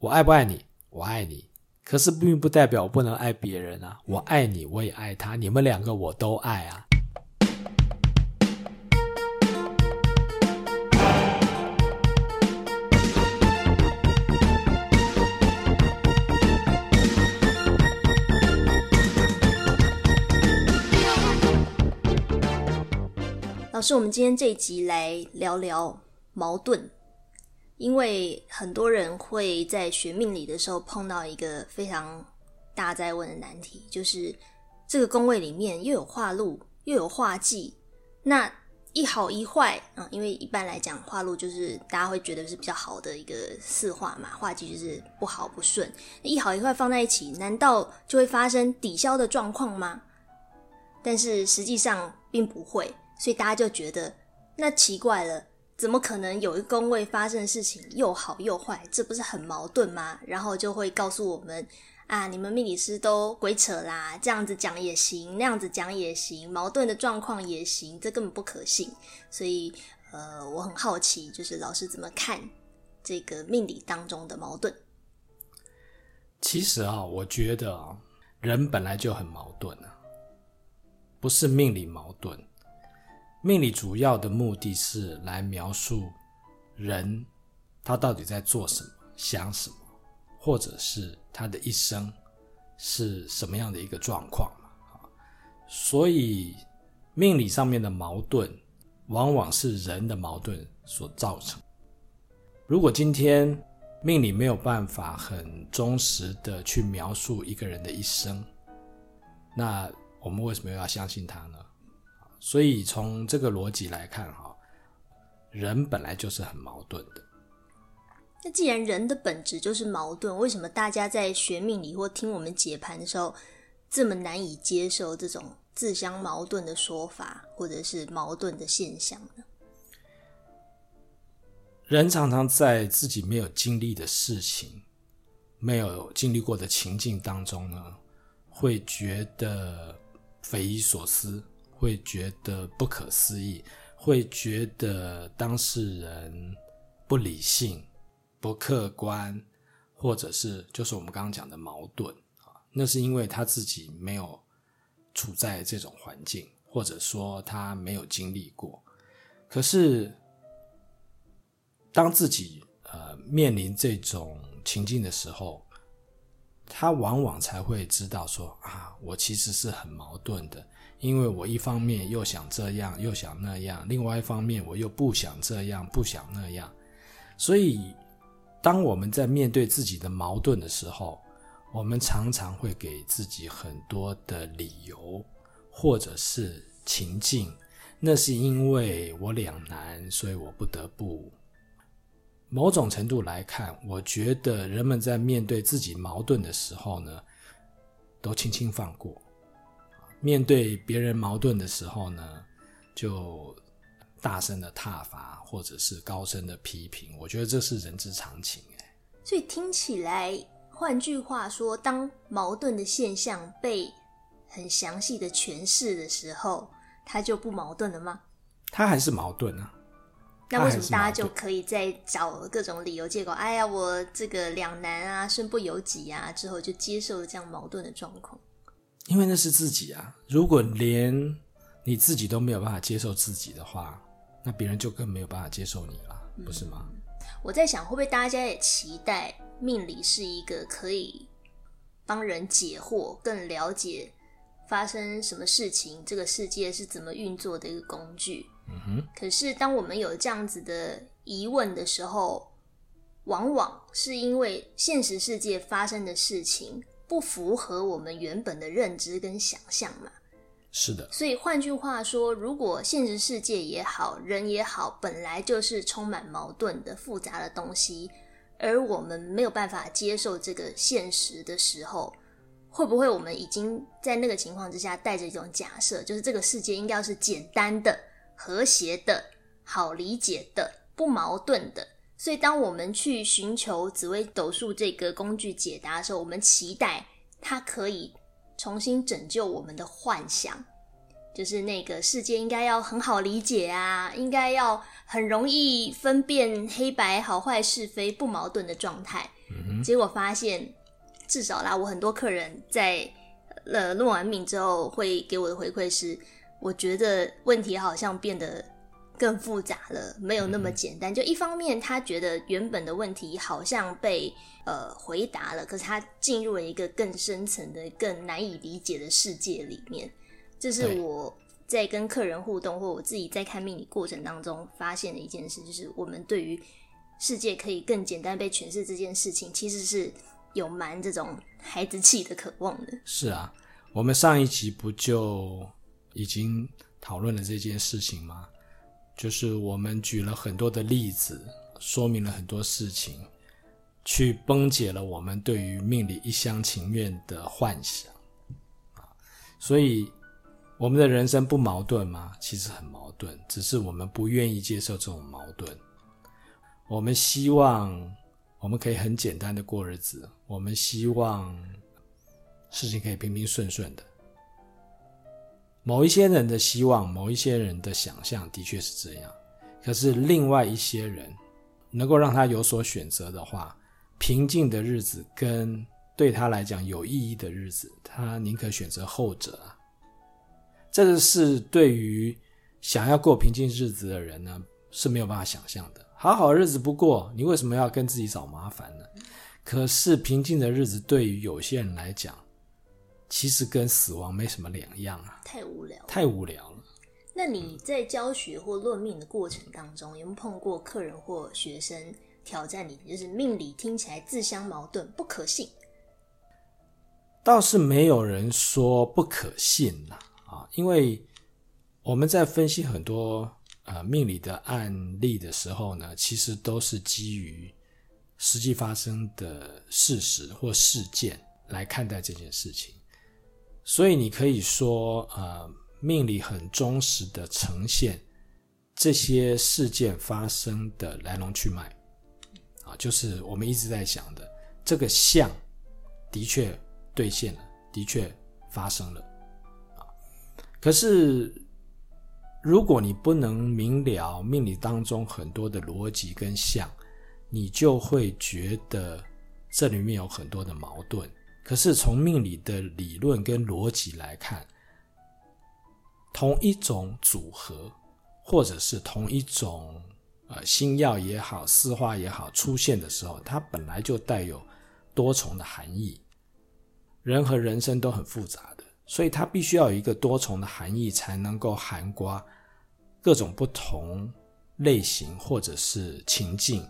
我愛不愛你？我愛你，可是並不代表我不能愛別人啊！我愛你，我也愛他，你們兩個我都愛啊！老師，我們今天這一集來聊聊矛盾。因為很多人會在學命理的時候碰到一個非常大家在問的難題，就是這個宮位裡面又有化祿又有化忌，那一好一壞啊、嗯，因為一般來講化祿就是大家會覺得是比較好的一個四化嘛，化忌就是不好不順，一好一壞放在一起，難道就會發生抵消的狀況嗎？但是實際上並不會，所以大家就覺得那奇怪了。怎麼可能有一個宮位發生的事情又好又壞？這不是很矛盾嗎？然後就會告訴我們啊，你們命理師都鬼扯啦，這樣子講也行，那樣子講也行，矛盾的狀況也行，這根本不可信。所以呃，我很好奇，就是老師怎麼看這個命理當中的矛盾？其實啊、哦，我覺得啊、哦，人本來就很矛盾啊，不是命理矛盾。命理主要的目的是來描述人他到底在做什麼、想什麼，或者是他的一生是什麼樣的一個狀況。所以命理上面的矛盾往往是人的矛盾所造成。如果今天命理沒有辦法很忠實的去描述一個人的一生，那我們為什麼要相信他呢？所以從這個邏輯來看，哈，人本來就是很矛盾的。那既然人的本質就是矛盾，為什麼大家在學命理或聽我們解盤的時候，這麼難以接受這種自相矛盾的說法，或者是矛盾的現象呢？人常常在自己沒有經歷的事情、沒有經歷過的情境當中呢，會覺得匪夷所思。會覺得不可思議，會覺得當事人不理性、不客觀，或者是就是我們剛剛講的矛盾啊。那是因為他自己沒有處在這種環境，或者說他沒有經歷過。可是，當自己呃面臨這種情境的時候，他往往才會知道說啊，我其實是很矛盾的。因為我一方面又想這樣，又想那樣；另外一方面，我又不想這樣，不想那樣。所以，當我們在面對自己的矛盾的時候，我們常常會給自己很多的理由，或者是情境。那是因為我兩難，所以我不得不。某種程度來看，我覺得人們在面對自己矛盾的時候呢，都輕輕放過。面對別人矛盾的時候呢，就大聲的撻伐，或者是高聲的批評，我覺得這是人之常情耶。所以聽起來，換句話說，當矛盾的現象被很詳細的詮釋的時候，它就不矛盾了嗎？它還是矛盾啊，矛盾。那為什麼大家就可以在找各種理由借口？哎呀，我這個兩難啊，身不由己啊，之後就接受了這樣矛盾的狀況？因為那是自己啊，如果連你自己都沒有辦法接受自己的話，那別人就更沒有辦法接受你了，不是嗎？嗯，我在想，會不會大家也期待命理是一個可以幫人解惑、更了解發生什麼事情、這個世界是怎麼運作的一個工具？嗯哼。可是，當我們有這樣子的疑問的時候，往往是因為現實世界發生的事情。不符合我們原本的認知跟想象嘛？是的。所以換句話說，如果現實世界也好，人也好，本來就是充滿矛盾的、複雜的東西，而我們沒有辦法接受這個現實的時候，會不會我們已經在那個情況之下帶着一種假設，就是這個世界應該是簡單的、和諧的、好理解的、不矛盾的？所以，當我們去尋求紫微斗數這個工具解答的時候，我們期待它可以重新拯救我們的幻想，就是那個世界應該要很好理解啊，應該要很容易分辨黑白、好壞、是非、不矛盾的狀態。嗯。結果發現，至少啦，我很多客人在呃論完命之後，會給我的回饋是，我覺得問題好像變得。更複雜了，沒有那麼簡單。就一方面，他覺得原本的問題好像被呃回答了，可是他進入了一個更深層的、更難以理解的世界裡面。這是我在跟客人互動或我自己在看命理過程當中發現的一件事，就是我們對於世界可以更簡單被詮釋這件事情，其實是有蠻這種孩子氣的渴望的。是啊，我們上一集不就已經討論了這件事情嗎？就是我們舉了很多的例子，說明了很多事情，去崩解了我們對於命理一廂情願的幻想。所以，我們的人生不矛盾嗎？其實很矛盾，只是我們不願意接受這種矛盾。我們希望我們可以很簡單的過日子，我們希望事情可以平平順順的。某一些人的希望，某一些人的想象，的確是這樣。可是另外一些人，能夠讓他有所選擇的話，平靜的日子跟對他來講有意義的日子，他寧可選擇後者啊。這個是對於想要過平靜日子的人呢，是沒有辦法想象的。好好的日子不過，你為什麼要跟自己找麻煩呢？可是平靜的日子對於有些人來講。其實跟死亡沒什麼兩樣啊！太無聊了，太無聊了。那你在教學或論命的過程當中，嗯，有沒有碰過客人或學生挑戰你，就是命理聽起來自相矛盾，不可信？倒是沒有人說不可信吶啊，啊！因為我們在分析很多呃命理的案例的時候呢，其實都是基於實際發生的事實或事件來看待這件事情。所以你可以說，呃，命理很忠實地呈現這些事件發生的來龍去脈，啊，就是我們一直在想的這個象的確兌現了，的確發生了。啊，可是如果你不能明了命理當中很多的邏輯跟象，你就會覺得這裡面有很多的矛盾。可是從命理的理論跟邏輯來看，同一種組合，或者是同一種呃星曜也好，四化也好，出現的時候，它本來就帶有多重的含義。人和人生都很複雜的，所以它必須要有一個多重的含義，才能夠涵蓋各種不同類型或者是情境，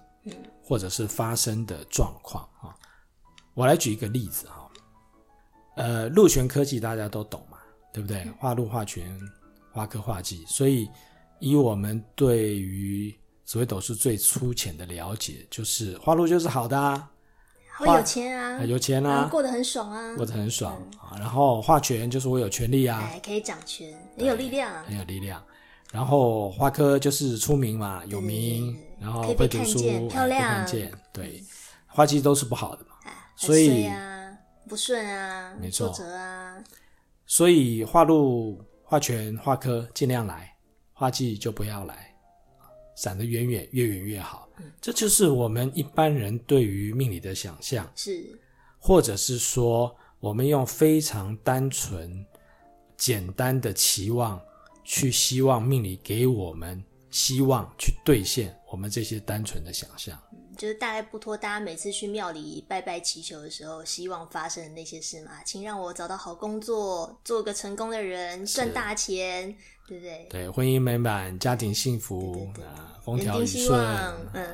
或者是發生的狀況啊。我來舉一個例子啊。呃，祿權科忌，大家都懂嘛，對不對？化祿、化權、化科、化忌。所以，以我們對於所謂斗數最粗淺的了解，就是化祿就是好的啊，啊，我有錢啊，呃、有錢啊、嗯，過得很爽啊，過得很爽、嗯啊、然後化權就是我有權利啊，哎、可以掌權，很有力量，啊，很有力量。然後化科就是出名嘛，有名，嗯、然後、嗯、會讀書，呃、漂亮、呃，對，化忌都是不好的嘛，啊、所以。不順啊，挫折啊，所以化祿、化權、化科盡量來，化忌就不要來，閃得遠遠，越遠越好、嗯。這就是我們一般人對於命理的想象是，或者是說，我們用非常單純、簡單的期望，去希望命理給我們希望，去兌現我們這些單純的想象就是大概不拖大家每次去廟裡拜拜祈求的時候，希望發生的那些事嘛，請讓我找到好工作，做個成功的人，賺大錢，對不對？對，婚姻美滿，家庭幸福，嗯對對對啊、風調雨順，嗯，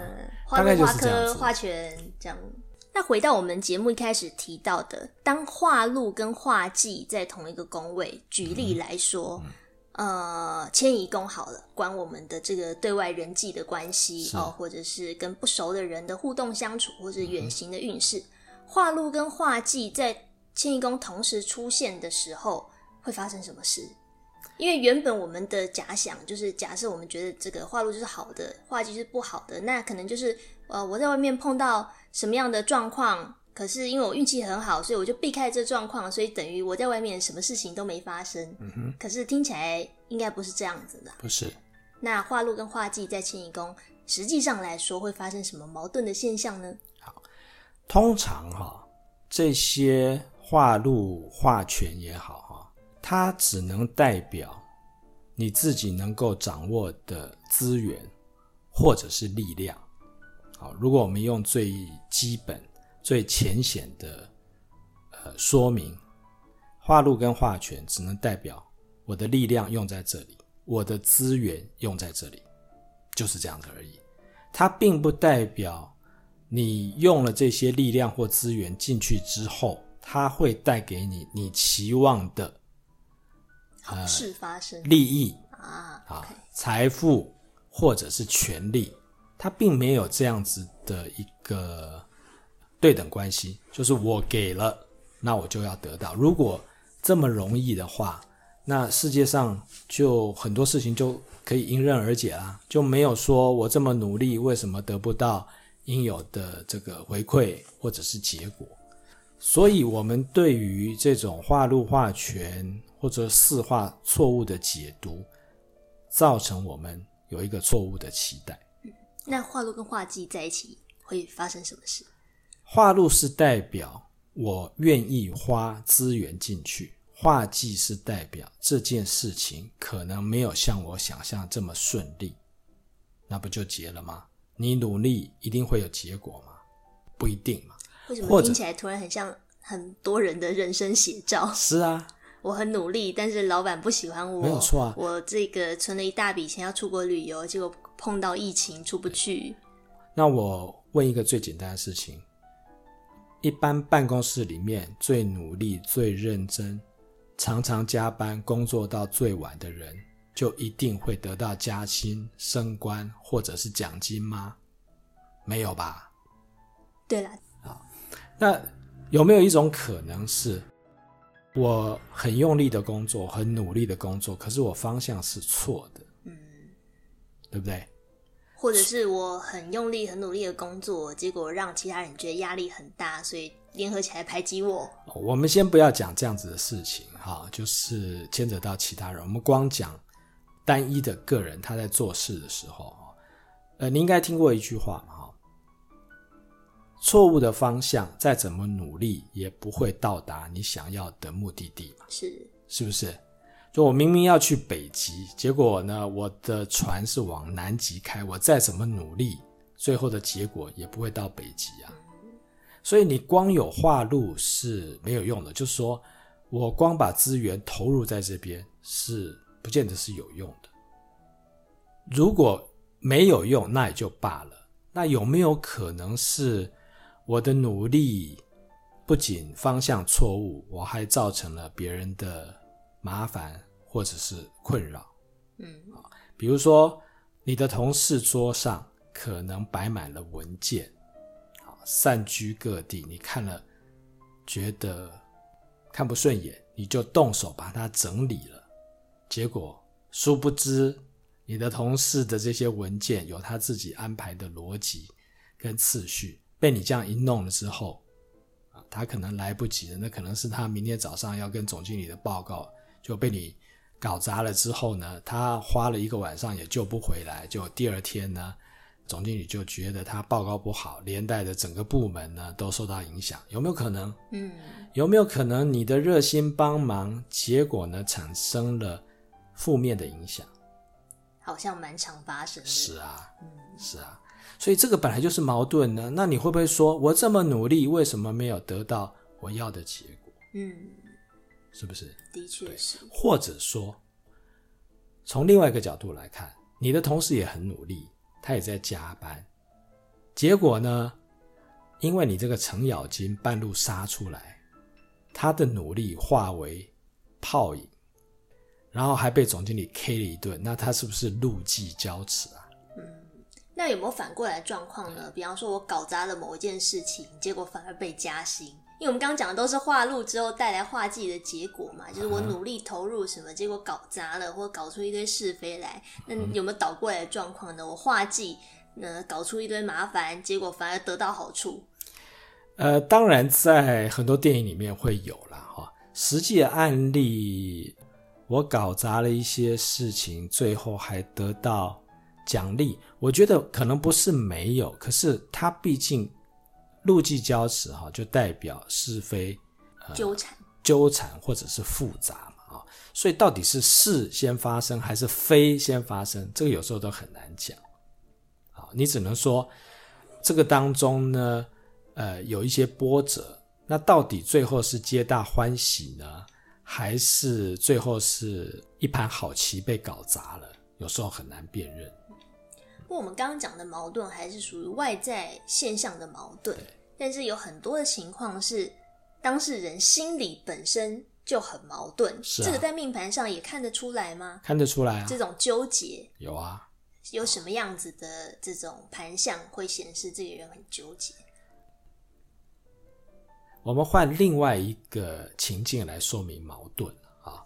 化祿化科化權這樣。那回到我們節目一開始提到的，當化祿跟化忌在同一個宮位，舉例來說。嗯嗯呃，遷移宮好了，管我們的這個對外人際的關係哦、呃，或者是跟不熟的人的互動相處，或者遠行的運勢。化祿跟化忌在遷移宮同時出現的時候會發生什麼事？因為原本我們的假想就是假設我們覺得這個化祿就是好的，化忌是不好的，那可能就是呃，我在外面碰到什麼樣的狀況？可是因為我運氣很好，所以我就避開這狀況，所以等於我在外面什麼事情都沒發生。嗯哼，可是聽起來應該不是這樣子的。不是。那化祿跟化忌在遷移宮，實際上來說會發生什麼矛盾的現象呢？好，通常哈、哦，這些化祿化權也好哈、哦，它只能代表你自己能夠掌握的資源或者是力量。好，如果我們用最基本。最淺顯的呃說明，化祿跟化權只能代表我的力量用在這裡，我的資源用在這裡，就是這樣子而已。它並不代表你用了這些力量或資源進去之後，它會帶給你你期望的呃好事發生。利益啊、財富或者是權利，okay. 它並沒有這樣子的一個。對等關係就是我給了，那我就要得到。如果這麼容易的話，那世界上就很多事情就可以迎刃而解啦，就沒有說我這麼努力，為什麼得不到應有的這個回饋或者是結果？所以，我們對於這種化祿化權或者四化錯誤的解讀，造成我們有一個錯誤的期待。嗯，那化祿跟化忌在一起會發生什麼事？化祿是代表我願意花資源進去，化忌是代表這件事情可能沒有像我想象這麼順利，那不就結了嗎？你努力一定會有結果嗎？不一定嘛。為什麼？聽起來突然很像很多人的人生寫照？是啊，我很努力，但是老板不喜歡我，沒有錯啊。我這個存了一大筆錢要出國旅遊，結果碰到疫情出不去。那我問一個最簡單的事情。一般辦公室裡面最努力、最認真，常常加班工作到最晚的人，就一定會得到加薪、升官或者是獎金嗎？沒有吧。對了，好，那有沒有一種可能是，我很用力的工作，很努力的工作，可是我方向是錯的？嗯，對不對？或者是我很用力、很努力的工作，結果讓其他人覺得壓力很大，所以聯合起來排擠我。我們先不要講這樣子的事情哈，就是牽扯到其他人。我們光講單一的個人他在做事的時候，呃，你應該聽過一句話嘛哈？錯誤的方向，再怎麼努力也不會到達你想要的目的地。是，是不是？就我明明要去北極，結果呢，我的船是往南極開。我再怎麼努力，最後的結果也不會到北極啊。所以你光有化祿是沒有用的。就是說我光把資源投入在這邊，是不見得是有用的。如果沒有用，那也就罷了。那有沒有可能是我的努力不僅方向錯誤，我還造成了別人的？麻煩或者是困擾，嗯，比如說你的同事桌上可能擺滿了文件，散居各地，你看了覺得看不順眼，你就動手把它整理了。結果殊不知，你的同事的這些文件有他自己安排的邏輯跟次序，被你這樣一弄了之後，他可能來不及了。那可能是他明天早上要跟總經理的報告。就被你搞砸了之後呢，他花了一個晚上也救不回來，就第二天呢，總經理就覺得他報告不好，連帶的整個部門呢都受到影響，有沒有可能？嗯，有沒有可能你的熱心幫忙，結果呢產生了負面的影響？好像蠻常發生的，是啊、嗯，是啊，所以這個本來就是矛盾呢。那你會不會說，我這麼努力，為什麼沒有得到我要的結果？嗯。是不是？的確是。或者說，從另外一個角度來看，你的同事也很努力，他也在加班，結果呢，因為你這個程咬金半路殺出來，他的努力化為泡影，然後還被總經理 K 了一頓，那他是不是怒氣交馳啊？嗯，那有沒有反過來的狀況呢？比方說我搞砸了某一件事情，結果反而被加薪。因為我們剛剛講的都是化祿之後帶來化忌的結果嘛，就是我努力投入什麼，結果搞砸了，或搞出一堆是非來。那你有沒有倒過來的狀況呢？我化忌、呃，搞出一堆麻煩，結果反而得到好處？呃，當然，在很多電影裡面會有啦，哈。實際的案例，我搞砸了一些事情，最後還得到獎勵。我覺得可能不是沒有，可是它畢竟。祿忌交馳，哈，就代表是非、呃、糾纏、糾纏或者是複雜啊，所以到底是是先發生還是非先發生，這個有時候都很難講啊。你只能說，這個當中呢，呃，有一些波折。那到底最後是皆大歡喜呢，還是最後是一盤好棋被搞砸了？有時候很難辨認。我們剛剛講的矛盾還是屬於外在現象的矛盾，但是有很多的情況是當事人心裡本身就很矛盾是、啊。這個在命盤上也看得出來嗎？看得出來啊，這種糾結，有，種糾結有啊？有什麼樣子的這種盤象會顯示這個人很糾結？我們換另外一個情境來說明矛盾啊。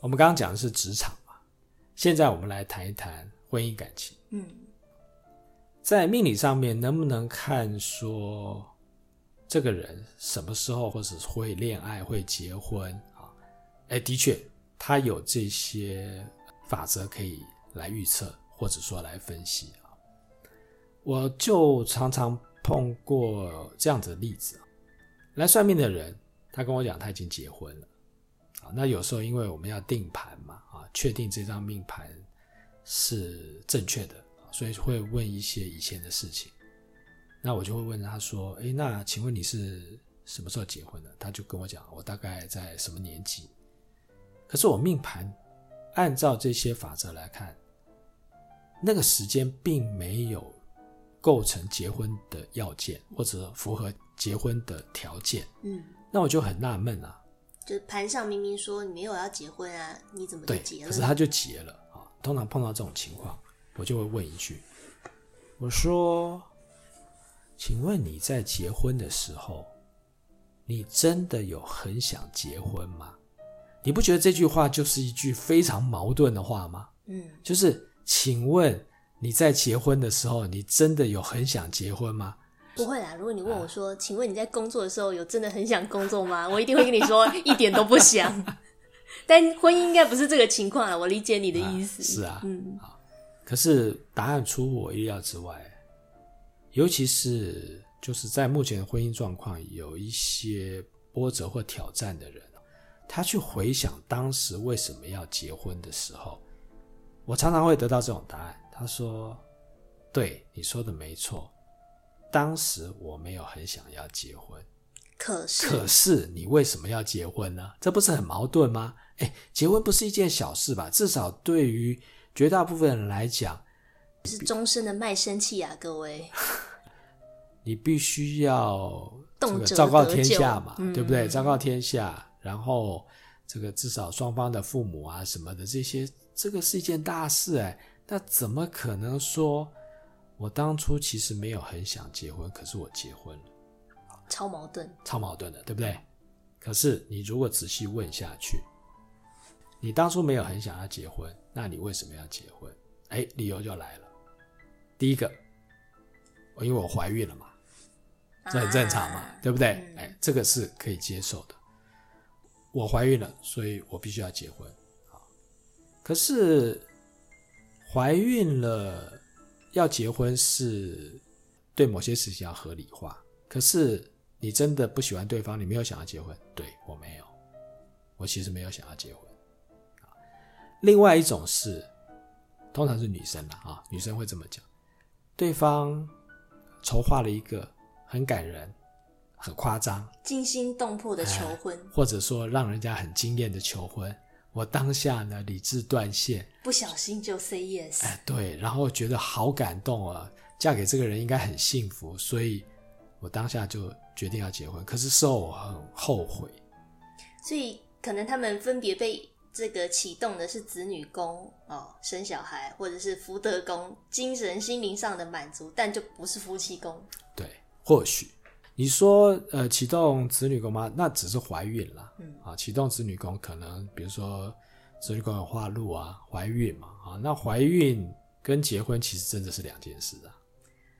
我們剛剛講的是職場，現在我們來談一談。婚姻感情，嗯，在命理上面能不能看說，這個人什麼時候或者是會戀愛、會結婚啊？誒，的確，他有這些法則可以來預測，或者說來分析啊。我就常常碰過這樣子的例子啊，來算命的人，他跟我講他已經結婚了啊。那有時候因為我們要定盤嘛啊，確定這張命盤是正確的，所以會問一些以前的事情。那我就會問他說：“誒，那請問你是什麼時候結婚的？”他就跟我講：“我大概在什麼年紀。”可是我命盤按照這些法則來看，那個時間並沒有構成結婚的要件，或者符合結婚的條件。嗯，那我就很納悶啊。就盤上明明說你沒有要結婚啊，你怎麼就結了？對，可是他就結了。通常碰到這種情況，我就會問一句：“我說，請問你在結婚的時候，你真的有很想結婚嗎？你不覺得這句話就是一句非常矛盾的話嗎？嗯，就是請問你在結婚的時候，你真的有很想結婚嗎？不會啦。如果你問我說，嗯、請問你在工作的時候有真的很想工作嗎？我一定會跟你說，一點都不想。 ”但婚姻應該不是這個情況了、啊，我理解你的意思。嗯、啊是啊，嗯啊，可是答案出乎我意料之外，尤其是就是在目前的婚姻狀況有一些波折或挑戰的人，他去回想當時為什麼要結婚的時候，我常常會得到這種答案。他說：“對，你說的沒錯，當時我沒有很想要結婚。”可是，可是你為什麼要結婚呢？這不是很矛盾嗎？哎、欸，結婚不是一件小事吧？至少對於絕大部分人來講，是終身的賣身契啊，各位。你必須要，這個昭告天下嘛，嗯、對不對？昭告天下，然後這個至少雙方的父母啊什麼的這些，這個是一件大事哎、欸。那怎麼可能說，我當初其實沒有很想結婚，可是我結婚了。超矛盾，超矛盾的，對不對？可是你如果仔細問下去，你當初沒有很想要結婚，那你為什麼要結婚？哎，理由就來了。第一個，我因為我懷孕了嘛、啊，這很正常嘛，對不對？哎、嗯，這個是可以接受的。我懷孕了，所以我必須要結婚。可是懷孕了要結婚是對某些事情要合理化，可是。你真的不喜歡對方？你沒有想要結婚？對，我沒有，我其實沒有想要結婚。另外一種是，通常是女生啦，啊，女生會這麼講：對方籌劃了一個很感人、很誇張、驚心動魄的求婚，或者說讓人家很驚豔的求婚。我當下呢，理智斷線，不小心就 say yes。哎，對，然後覺得好感動啊，嫁給這個人應該很幸福，所以我當下就。決定要結婚，可是事後我很後悔，所以可能他們分別被這個啟動的是子女宮哦，生小孩或者是福德宮，精神心靈上的滿足，但就不是夫妻宮。對，或許你說呃啟動子女宮嘛，那只是懷孕了、嗯，啊啟動子女宮可能比如說子女宮有化祿啊，懷孕嘛啊，那懷孕跟結婚其實真的是兩件事啊。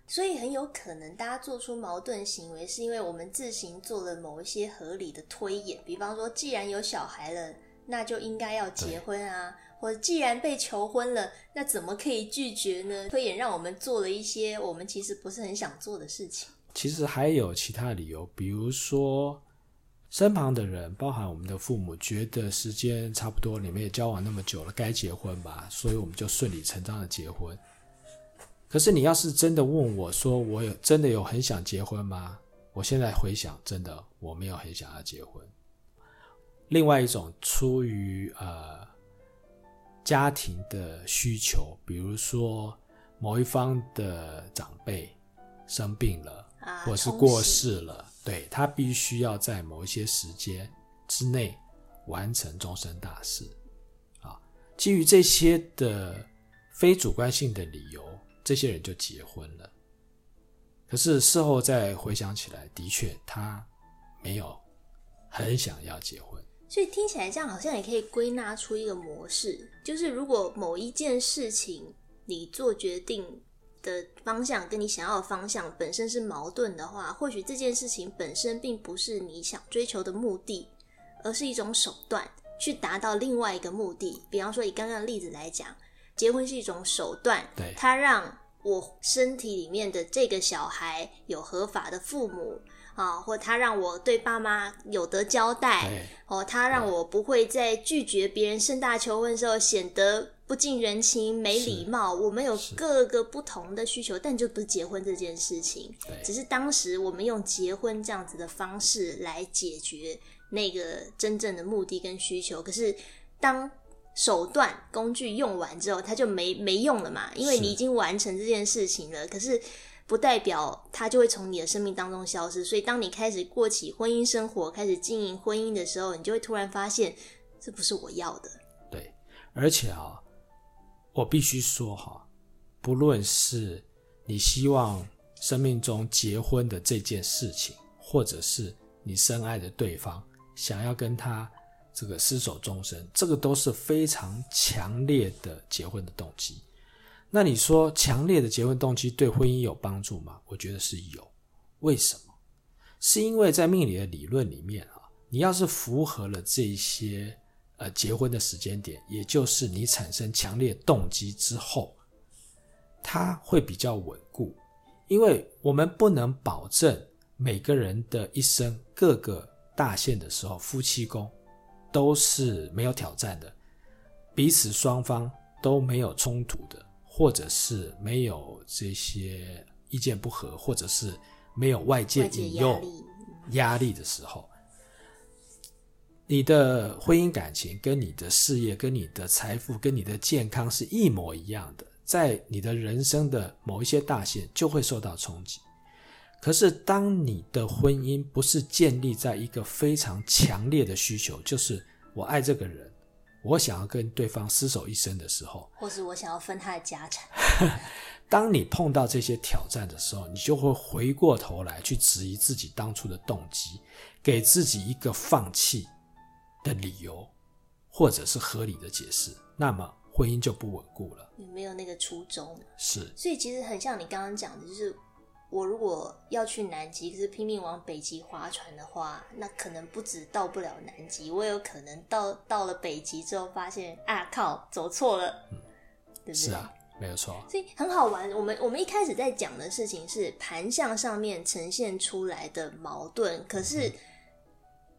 所以很有可能，大家做出矛盾行為，是因為我們自行做了某一些合理的推演。比方說，既然有小孩了，那就應該要結婚啊；嗯、或者，既然被求婚了，那怎麼可以拒絕呢？推演讓我們做了一些我們其實不是很想做的事情。其實還有其他理由，比如說，身旁的人，包含我們的父母，覺得時間差不多，你們也交往那麼久了，該結婚吧，所以我們就順理成章的結婚。可是，你要是真的問我說，我有真的有很想結婚嗎？我現在回想，真的我沒有很想要結婚。另外一種出於呃家庭的需求，比如說某一方的長輩生病了，啊，或是過世了，對，他必須要在某一些時間之內完成終身大事。啊，基於這些的非主觀性的理由。這些人就結婚了，可是事後再回想起來，的確他沒有很想要結婚，所以聽起來這樣好像也可以歸納出一個模式，就是如果某一件事情你做決定的方向跟你想要的方向本身是矛盾的話，或許這件事情本身並不是你想追求的目的，而是一種手段去達到另外一個目的。比方說，以剛剛的例子來講，結婚是一種手段，對它讓我身體裡面的這個小孩有合法的父母啊，哦，或他讓我對爸媽有得交代，哦，他讓我不會在拒絕別人盛大求婚的時候顯得不近人情，沒禮貌。我們有各個不同的需求，但就不是結婚這件事情，只是當時我們用結婚這樣子的方式來解決那個真正的目的跟需求。可是當手段工具用完之後，它就沒沒用了嘛？因為你已經完成這件事情了。是可是，不代表它就會從你的生命當中消失。所以，當你開始過起婚姻生活，開始經營婚姻的時候，你就會突然發現，這不是我要的。對，而且啊、哦，我必須說哈、哦，不論是你希望生命中結婚的這件事情，或者是你深愛的對方，想要跟他，這個廝守終身，這個都是非常強烈的結婚的動機。那你說，強烈的結婚動機對婚姻有幫助嗎？我覺得是有。為什麼？是因為在命理的理論裡面啊，你要是符合了這些呃結婚的時間點，也就是你產生強烈動機之後，它會比較穩固。因為我們不能保證每個人的一生各個大限的時候夫妻宮。都是沒有挑戰的，彼此雙方都沒有衝突的，或者是沒有這些意見不合，或者是沒有外界引誘壓力的時候，你的婚姻感情、跟你的事業、跟你的財富、跟你的健康是一模一樣的，在你的人生的某一些大限就會受到衝擊。可是，當你的婚姻不是建立在一個非常強烈的需求，就是我愛這個人，我想要跟對方廝守一生的時候，或是我想要分他的家產， 當你碰到這些挑戰的時候，你就會回過頭來去質疑自己當初的動機，給自己一個放棄的理由，或者是合理的解釋，那麼婚姻就不穩固了，沒有那個初衷。是，所以其實很像你剛剛講的，就是。我如果要去南極，可是拼命往北極划船的話，那可能不止到不了南極，我有可能到到了北極之後，發現啊靠，走錯了，嗯，對不對？是啊，沒有錯，啊。所以很好玩。我們我們一開始在講的事情是盤象上面呈現出來的矛盾，可是。嗯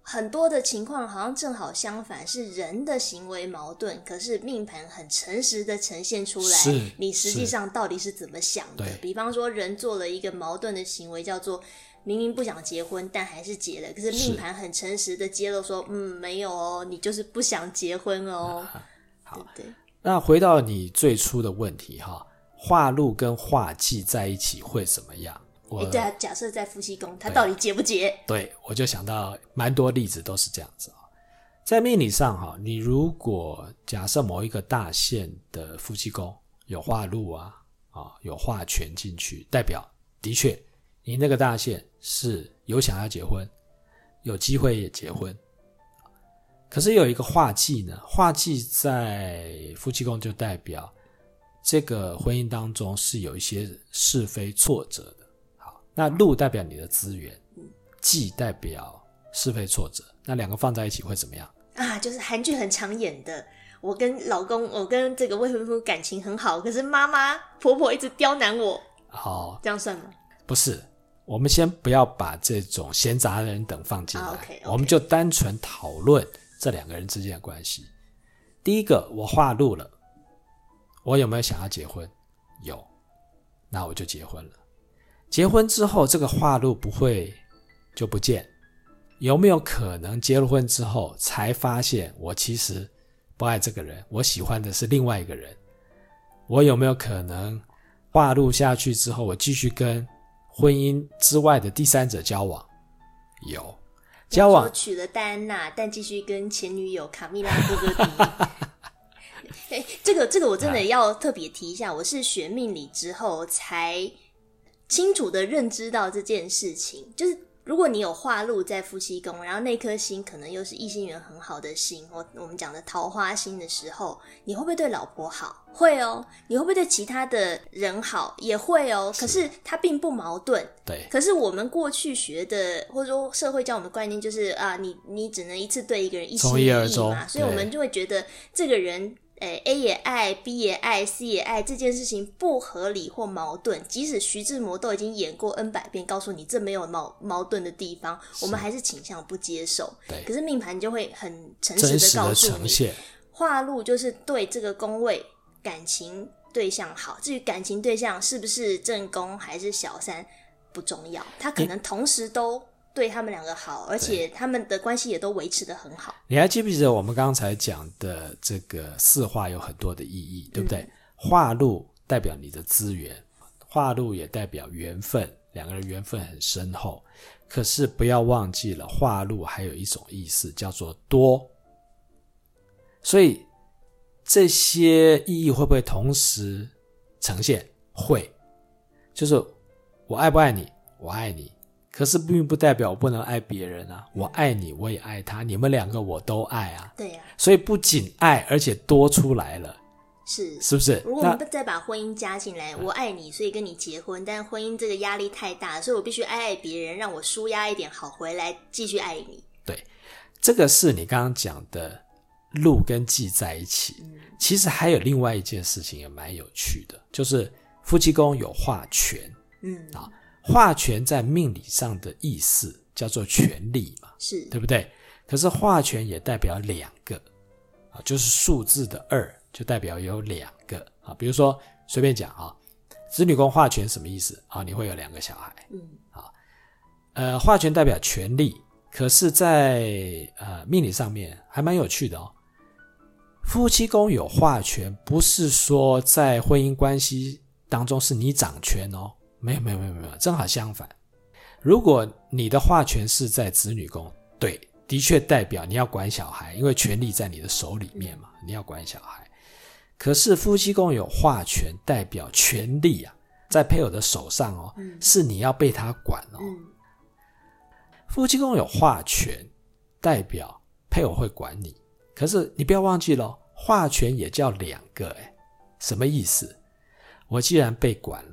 很多的情況好像正好相反，是人的行為矛盾，可是命盤很誠實的呈現出來，你實際上到底是怎麼想的？比方說，人做了一個矛盾的行為，叫做明明不想結婚，但還是結了。可是命盤很誠實的揭露說：“嗯，沒有哦，你就是不想結婚哦。啊”好對，對。那回到你最初的問題哈，化祿跟化忌在一起會怎麼樣？對，假設在夫妻宮，他到底結不結？對，我就想到蠻多例子都是這樣子。在命理上，你如果假設某一個大限的夫妻宮有化祿啊，啊有化權進去，代表的確你那個大限是有想要結婚，有機會也結婚。可是，有一個化忌呢，化忌在夫妻宮就代表這個婚姻當中是有一些是非挫折的。那祿代表你的資源忌、嗯、代表是非挫折，那兩個放在一起會怎麼樣啊？就是韓劇很常演的，我跟老公，我跟這個未婚夫感情很好，可是媽媽婆婆一直刁難我。好、哦，這樣算嗎？不是，我們先不要把這種閒雜的人等放進來、啊 okay, okay，我們就單純討論這兩個人之間的關係。第一個，我化祿了，我有沒有想要結婚？有，那我就結婚了。結婚之後，這個化祿不會就不見？有沒有可能結了婚之後才發現我其實不愛這個人，我喜歡的是另外一個人？我有沒有可能化祿下去之後，我繼續跟婚姻之外的第三者交往？有交往，我娶了戴安娜，但繼續跟前女友卡米拉·布格迪。哎，這個這個我真的要特別提一下，啊、我是學命理之後才清楚的認知到這件事情，就是如果你有化祿在夫妻宮，然後那顆星可能又是異性緣很好的星，我我們講的桃花星的時候，你會不會對老婆好？會哦、喔。你會不會對其他的人好？也會哦、喔。可是它並不矛盾。對。可是我們過去學的，或者說社會教我們的觀念就是啊，你你只能一次對一個人一心一意嘛，從一而終，所以我們就會覺得這個人。哎、欸、A 也愛，B 也愛，C 也愛，這件事情不合理或矛盾。即使徐志摩都已經演過 N 百遍，告訴你這沒有矛矛盾的地方，我們還是傾向不接受。對，可是命盤就會很誠實的告訴你，化祿就是對這個宮位感情對象好。至於感情對象是不是正宮還是小三，不重要，他可能同時都、欸。對他們兩個好，而且他們的關係也都維持得很好。你還記不記得我們剛才講的這個四化有很多的意義，對不對？化、嗯、祿代表你的資源，化祿也代表緣分，兩個人緣分很深厚。可是不要忘記了，化祿還有一種意思叫做多。所以這些意義會不會同時呈現？會，就是我愛不愛你？我愛你。可是並不代表我不能愛別人啊！我愛你，我也愛他，你們兩個我都愛啊。對啊。所以不僅愛，而且多出來了。是是不是？如果我們再把婚姻加進來，我愛你，所以跟你結婚。嗯、但婚姻這個壓力太大，所以我必須愛愛別人，讓我舒壓一點，好回來繼續愛你。對，這個是你剛剛講的“祿”跟“忌”在一起。嗯。其實還有另外一件事情也蠻有趣的，就是夫妻宮有化權。嗯啊。化權在命理上的意思叫做權力嘛，是對不對？可是化權也代表兩個啊，就是數字的二，就代表有兩個啊。比如說隨便講啊，子女宮化權什麼意思啊？你會有兩個小孩，嗯，好呃，化權代表權力，可是在，在呃命理上面還蠻有趣的哦。夫妻宮有化權，不是說在婚姻關係當中是你掌權哦。沒有沒有沒有沒有，正好相反。如果你的話權是在子女宮，對，的確代表你要管小孩，因為權力在你的手裡面嘛，你要管小孩。可是夫妻共有話權代表權力啊，在配偶的手上哦，是你要被他管哦。嗯、夫妻共有話權代表配偶會管你，可是你不要忘記了，話權也叫兩個誒、欸，什麼意思？我既然被管。了。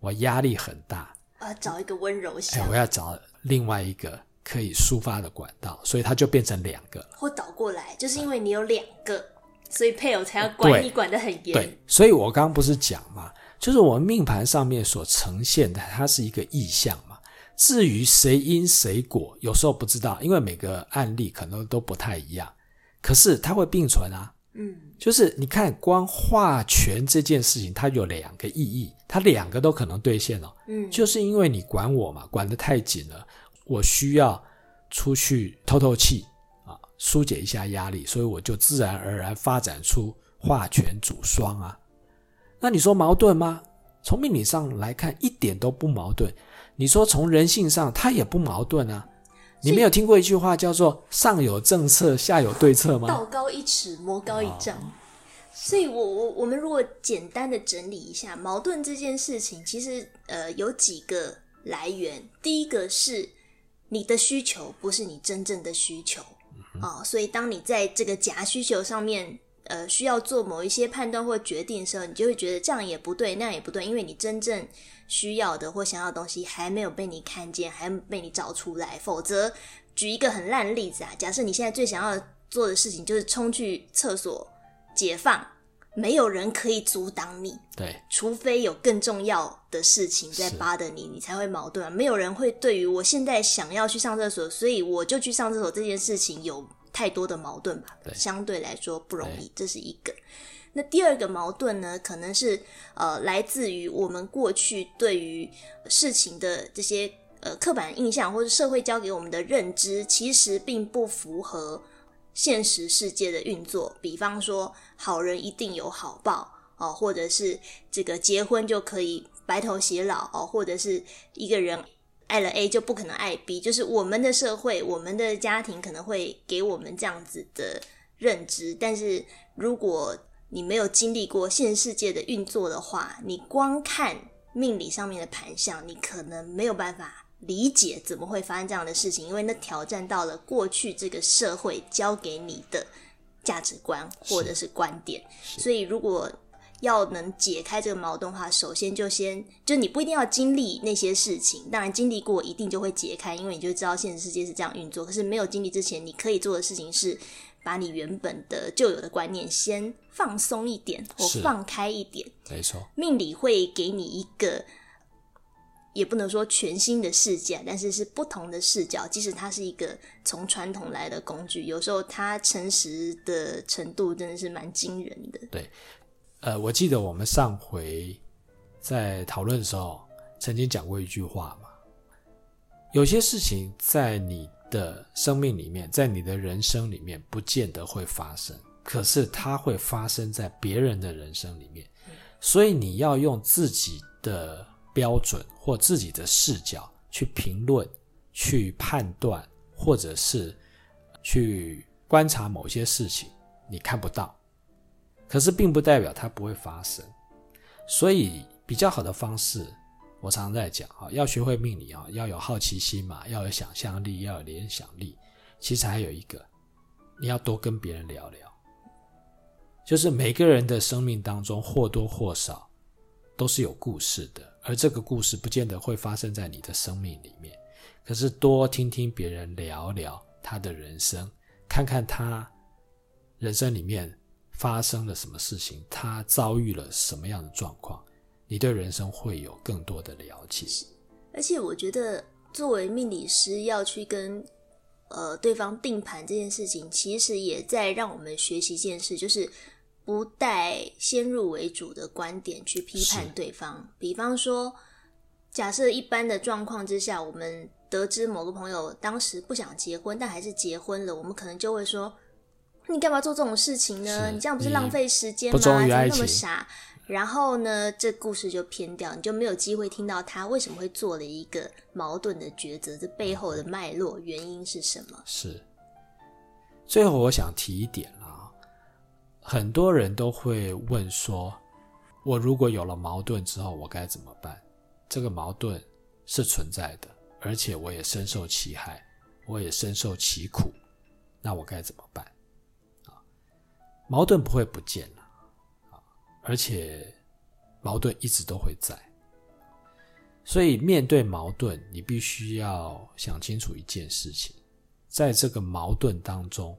我壓力很大，我要找一個溫柔型。哎、欸，我要找另外一個可以抒發的管道，所以它就變成兩個了。或倒過來，就是因為你有兩個，嗯、所以配偶才要管你管得很嚴對。對，所以我剛剛不是講嘛，就是我們命盤上面所呈現的，它是一個意象嘛。至於誰因誰果，有時候不知道，因為每個案例可能都不太一樣。可是它會並存啊。嗯，就是你看，光化權這件事情，它有兩個意義。他兩個都可能兌現了，嗯，就是因為你管我嘛，管得太緊了，我需要出去透透氣啊，疏解一下壓力，所以我就自然而然發展出化權主雙啊。那你說矛盾嗎？從命理上來看一點都不矛盾，你說從人性上他也不矛盾啊。你沒有聽過一句話叫做“上有政策，下有對策”嗎？道高一尺，魔高一丈。嗯所以我，我我我們如果簡單的整理一下矛盾這件事情，其實呃有幾個來源。第一個是你的需求不是你真正的需求哦，所以當你在這個假需求上面呃需要做某一些判斷或決定的時候，你就會覺得這樣也不對，那樣也不對，因為你真正需要的或想要的東西還沒有被你看見，還沒被你找出來。否則，舉一個很爛的例子啊，假設你現在最想要做的事情就是沖去廁所。解放，沒有人可以阻擋你。對，除非有更重要的事情在扒的你，你才會矛盾啊。沒有人會對於我現在想要去上廁所，所以我就去上廁所這件事情有太多的矛盾吧。對，相對來說不容易，這是一個。那第二個矛盾呢，可能是呃來自於我們過去對於事情的這些呃刻板印象，或者社會教給我們的認知，其實並不符合。現實世界的運作，比方說好人一定有好報哦，或者是這個結婚就可以白頭偕老哦，或者是一個人愛了 A 就不可能愛 B，就是我們的社會、我們的家庭可能會給我們這樣子的認知。但是如果你沒有經歷過現實世界的運作的話，你光看命理上面的盤相，你可能沒有辦法。理解怎麼會發生這樣的事情？因為那挑戰到了過去這個社會教給你的價值觀或者是觀點。是。是。所以如果要能解開這個矛盾的話，首先就先就你不一定要經歷那些事情。當然經歷過一定就會解開，因為你就知道現實世界是這樣運作。可是沒有經歷之前，你可以做的事情是把你原本的舊有的觀念先放鬆一點或放開一點。沒錯，命理會給你一個。也不能說全新的世界，但是是不同的視角。即使它是一個從傳統來的工具，有時候它誠實的程度真的是蠻驚人的。對，呃，我記得我們上回在討論的時候，曾經講過一句話嘛：有些事情在你的生命裡面，在你的人生裡面不見得會發生，可是它會發生在別人的人生裡面。所以你要用自己的。標準或自己的視角去評論、去判斷，或者是去觀察某些事情，你看不到，可是並不代表它不會發生。所以比較好的方式，我常常在講，啊，要學會命理啊，要有好奇心嘛，要有想象力，要有聯想力。其實還有一個，你要多跟別人聊聊，就是每個人的生命當中或多或少都是有故事的。而這個故事不見得會發生在你的生命裡面，可是多聽聽別人聊聊他的人生，看看他人生裡面發生了什麼事情，他遭遇了什麼樣的狀況，你對人生會有更多的了解。而且我覺得作為命理師要去跟呃對方定盤這件事情，其實也在讓我們學習一件事，就是。不帶先入為主的觀點去批判對方，比方說，假設一般的狀況之下，我們得知某個朋友當時不想結婚，但還是結婚了，我們可能就會說：“你幹嘛做這種事情呢？你這樣不是浪費時間嗎？麼那麼傻。”然後呢，這故事就偏掉，你就沒有機會聽到他為什麼會做了一個矛盾的抉擇，這背後的脈絡、嗯、原因是什麼？是。最後，我想提一點。很多人都會問說：“我如果有了矛盾之後，我該怎麼辦？這個矛盾是存在的，而且我也深受其害，我也深受其苦，那我該怎麼辦？”啊，矛盾不會不見了，而且矛盾一直都會在。所以面對矛盾，你必須要想清楚一件事情，在這個矛盾當中。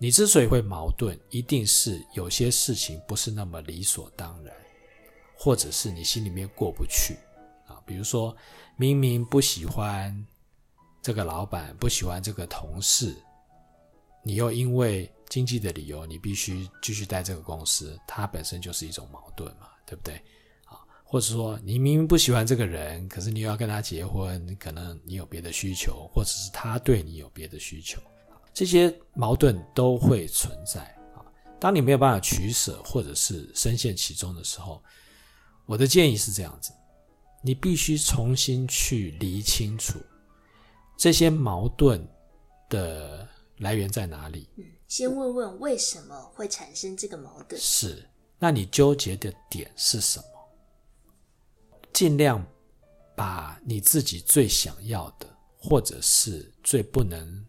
你之所以會矛盾，一定是有些事情不是那麼理所當然，或者是你心裡面過不去啊。比如說，明明不喜歡這個老闆，不喜歡這個同事，你又因為經濟的理由，你必須繼續待這個公司，它本身就是一種矛盾嘛，對不對？啊，或者說你明明不喜歡這個人，可是你又要跟他結婚，可能你有別的需求，或者是他對你有別的需求。這些矛盾都會存在。當你沒有辦法取捨，或者是深陷其中的時候，我的建議是這樣子：你必須重新去理清楚這些矛盾的來源在哪裡。嗯，先問問為什麼會產生這個矛盾？是，那你糾結的點是什麼？盡量把你自己最想要的，或者是最不能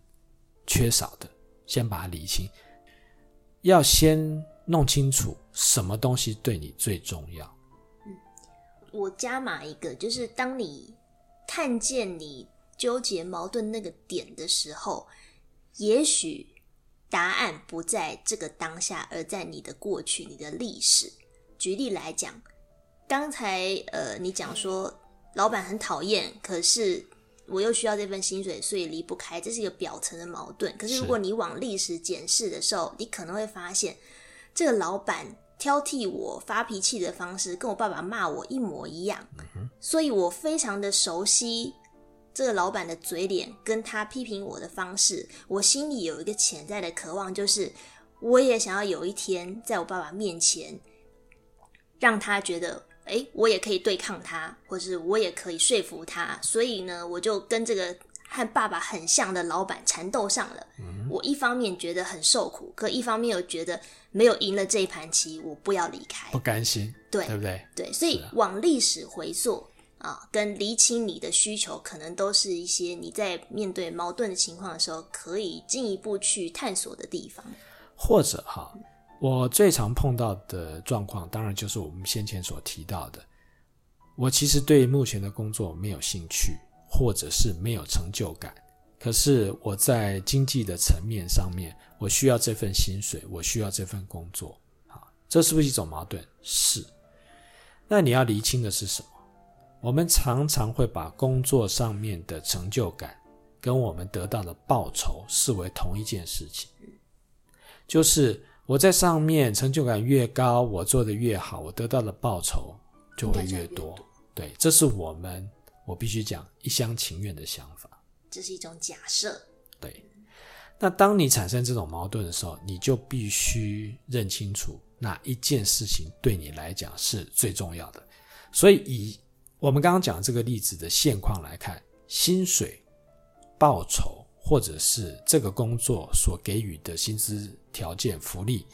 缺少的，先把它理清。要先弄清楚什麼東西對你最重要。嗯，我加碼一個，就是當你看見你糾結矛盾那個點的時候，也許答案不在這個當下，而在你的過去、你的歷史。舉例來講，剛才呃，你講說老闆很討厭，可是……我又需要這份薪水，所以離不開，這是一個表層的矛盾。可是，如果你往歷史檢視的時候，你可能會發現，這個老板挑剔我、發脾氣的方式，跟我爸爸罵我一模一樣。嗯、所以，我非常的熟悉這個老板的嘴臉，跟他批評我的方式。我心裡有一個潛在的渴望，就是我也想要有一天在我爸爸面前，讓他覺得。哎，我也可以對抗他，或是我也可以說服他。所以呢，我就跟這個和爸爸很像的老闆纏鬥上了。我一方面覺得很受苦，可一方面又覺得沒有贏了這一盤棋，我不要離開，不甘心，對，對不對？對，所以往歷史回溯啊，跟理清你的需求，可能都是一些你在面對矛盾的情況的時候，可以進一步去探索的地方，或者哈。哦我最常碰到的狀況，當然就是我們先前所提到的。我其實對目前的工作沒有興趣，或者是沒有成就感。可是我在經濟的層面上面，我需要這份薪水，我需要這份工作。好，這是不是一種矛盾？是。那你要釐清的是什麼？我們常常會把工作上面的成就感跟我們得到的報酬視為同一件事情，就是。我在上面成就感越高，我做得越好，我得到的報酬就會越多。越多對，這是我們我必須講一廂情願的想法，這是一種假設。對，那當你產生這種矛盾的時候，你就必須認清楚哪一件事情對你來講是最重要的。所以，以我們剛剛講這個例子的現況來看，薪水、報酬。或者是這個工作所給予的薪資條件、福利，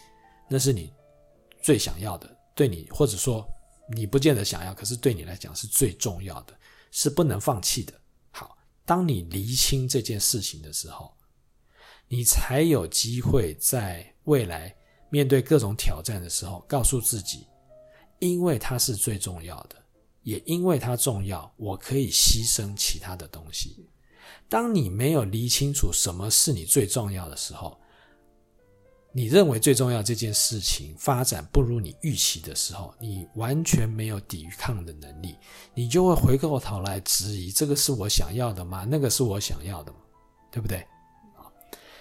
那是你最想要的，對你，或者說你不見得想要，可是對你來講是最重要的，是不能放棄的。好，當你理清這件事情的時候，你才有機會在未來面對各種挑戰的時候，告訴自己，因為它是最重要的，也因為它重要，我可以犧牲其他的東西。當你沒有理清楚什麼是你最重要的時候，你認為最重要這件事情發展不如你預期的時候，你完全沒有抵抗的能力，你就會回過頭來質疑：這個是我想要的嗎？那個是我想要的嗎？對不對？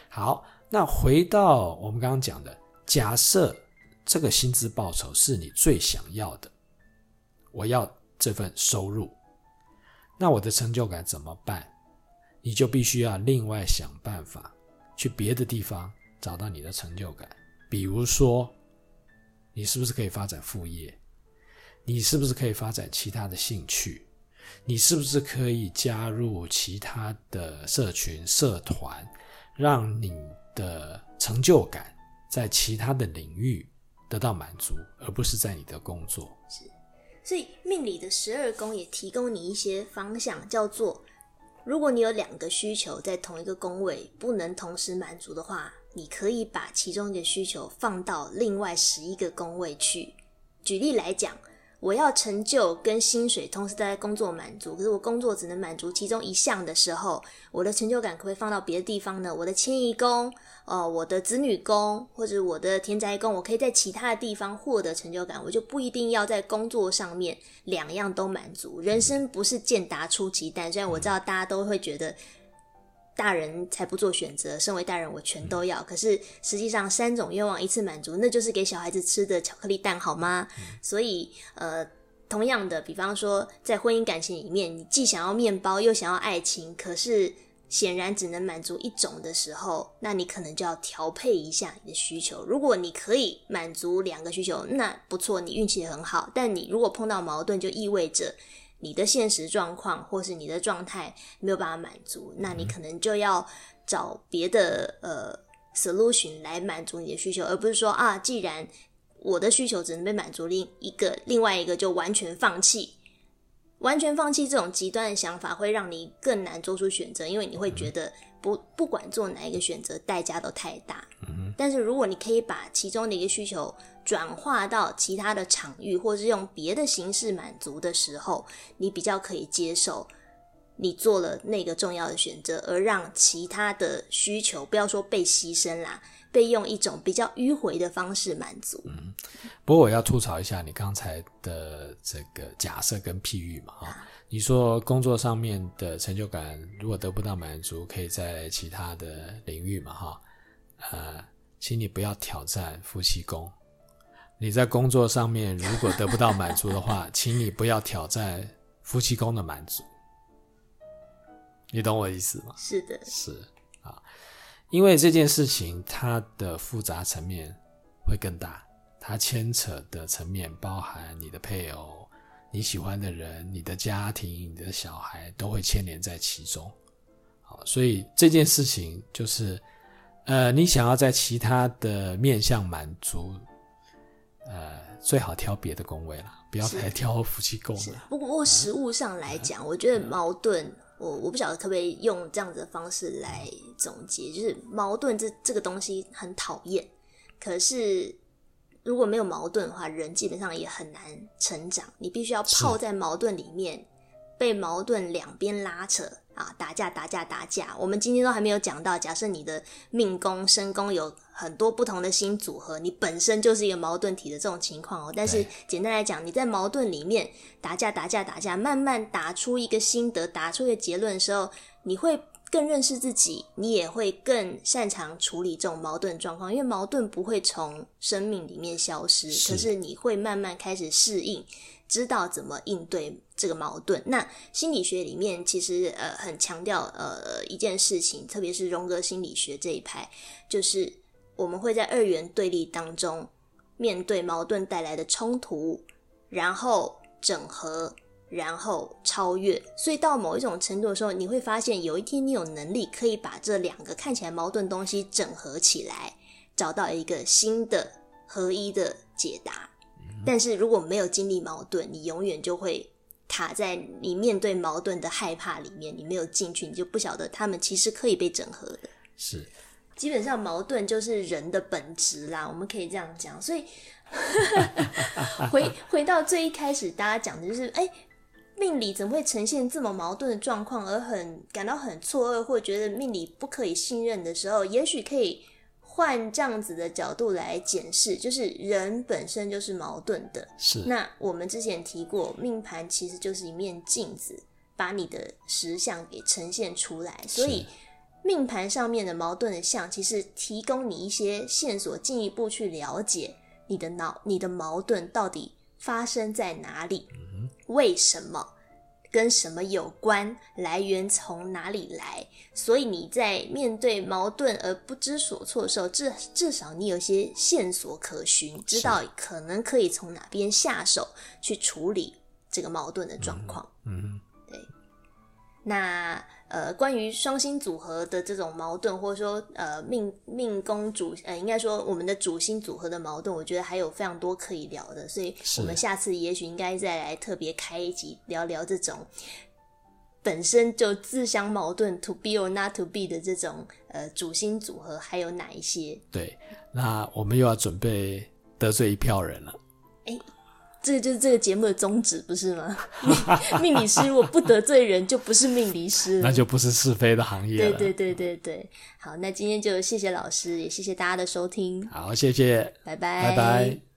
好，那回到我們剛剛講的，假設這個薪資報酬是你最想要的，我要這份收入，那我的成就感怎麼辦？你就必須要另外想辦法，去別的地方找到你的成就感。比如說，你是不是可以發展副業？你是不是可以發展其他的興趣？你是不是可以加入其他的社群、社團，讓你的成就感在其他的領域得到滿足，而不是在你的工作。是，所以命理的十二宮也提供你一些方向，叫做，如果你有兩個需求在同一個宮位不能同時滿足的話，你可以把其中一個需求放到另外十一個宮位去。舉例來講。我要成就跟薪水同時在工作滿足，可是我工作只能滿足其中一項的時候，我的成就感可不可以放到別的地方呢？我的遷移宮、呃，我的子女宮或者我的田宅宮，我可以在其他的地方獲得成就感，我就不一定要在工作上面兩樣都滿足。人生不是健達出奇蛋，雖然我知道大家都會覺得。大人才不做選擇，身為大人我全都要。可是實際上三種願望一次滿足，那就是給小孩子吃的巧克力蛋，好嗎？嗯。所以，呃，同樣的，比方說在婚姻感情裡面，你既想要面包又想要愛情，可是顯然只能滿足一種的時候，那你可能就要調配一下你的需求。如果你可以滿足兩個需求，那不錯，你運氣很好。但你如果碰到矛盾，就意味着。你的現實狀況或是你的狀態沒有辦法滿足，那你可能就要找別的呃 solution 來滿足你的需求，而不是說啊，既然我的需求只能被滿足，另一個另外一個就完全放棄，完全放棄這種極端的想法，會讓你更難做出選擇，因為你會覺得不，不管做哪一個選擇，代價都太大。但是如果你可以把其中的一個需求轉化到其他的場域，或是用別的形式滿足的時候，你比較可以接受，你做了那個重要的選擇，而讓其他的需求不要說被犧牲啦被用一種比較迂回的方式滿足。嗯，不過我要吐槽一下你剛才的這個假設跟譬喻嘛，哈，啊，你說工作上面的成就感如果得不到滿足，可以在其他的領域嘛，哈，呃。請你不要挑戰夫妻宮。你在工作上面如果得不到滿足的話， 請你不要挑戰夫妻宮的滿足。你懂我的意思嗎？是的，是啊，因為這件事情它的複雜層面會更大，它牽扯的層面包含你的配偶、你喜歡的人、你的家庭、你的小孩都會牽連在其中。好，所以這件事情就是。呃，你想要在其他的面向滿足，呃，最好挑別的宮位啦，不要太挑夫妻宮了。不過，實務上來講，啊，我覺得矛盾，我我不曉得可不可以用這樣子的方式來總結，就是矛盾這這個東西很討厭。可是，如果沒有矛盾的話，人基本上也很難成長。你必須要泡在矛盾裡面。被矛盾兩邊拉扯啊，打架打架打架！我們今天都還沒有講到，假設你的命宮、身宮有很多不同的星組合，你本身就是一個矛盾體的這種情況哦。但是簡單來講，你在矛盾裡面打架打架打架，慢慢打出一個心得，打出一個結論的時候，你會更認識自己，你也會更擅長處理這種矛盾狀況。因為矛盾不會從生命裡面消失，可是你會慢慢開始適應，知道怎麼應對。這個矛盾，那心理學裡面其實呃很強調呃一件事情，特別是榮格心理學這一派，就是我們會在二元對立當中面對矛盾帶來的衝突，然後整合，然後超越。所以到某一種程度的時候，你會發現有一天你有能力可以把這兩個看起來矛盾的東西整合起來，找到一個新的合一的解答。但是如果沒有經歷矛盾，你永遠就會。卡在你面對矛盾的害怕裡面，你沒有進去，你就不曉得他們其實可以被整合的。是，基本上矛盾就是人的本質啦，我們可以這樣講。所以 回回到最一開始，大家講的就是，哎、欸，命理怎麼會呈現這麼矛盾的狀況，而很感到很錯愕，或覺得命理不可以信任的時候，也許可以，換這樣子的角度來解釋，就是人本身就是矛盾的。是。那我們之前提過，命盤其實就是一面鏡子，把你的實相給呈現出來。所以，命盤上面的矛盾的象，其實提供你一些線索，進一步去了解你的腦、你的矛盾到底發生在哪裡，嗯、為什麼。跟什麼有關？來源從哪裡來？所以你在面對矛盾而不知所措的時候，至至少你有些線索可循，知道可能可以從哪邊下手去處理這個矛盾的狀況。嗯，嗯對。那。呃，關於雙星組合的這種矛盾，或者說呃命命宮主呃，應該說我們的主星組合的矛盾，我覺得還有非常多可以聊的，所以我們下次也許應該再來特別開一集聊聊這種本身就自相矛盾，to be or not to be 的這種呃主星組合還有哪一些？對，那我們又要準備得罪一票人了，欸。這就是這個節目的宗旨，不是嗎？命 命理師，我不得罪人，就不是命理師， 那就不是是非的行業。對對對對對對，好，那今天就謝謝老師，也謝謝大家的收聽。好，謝謝，拜拜，拜拜。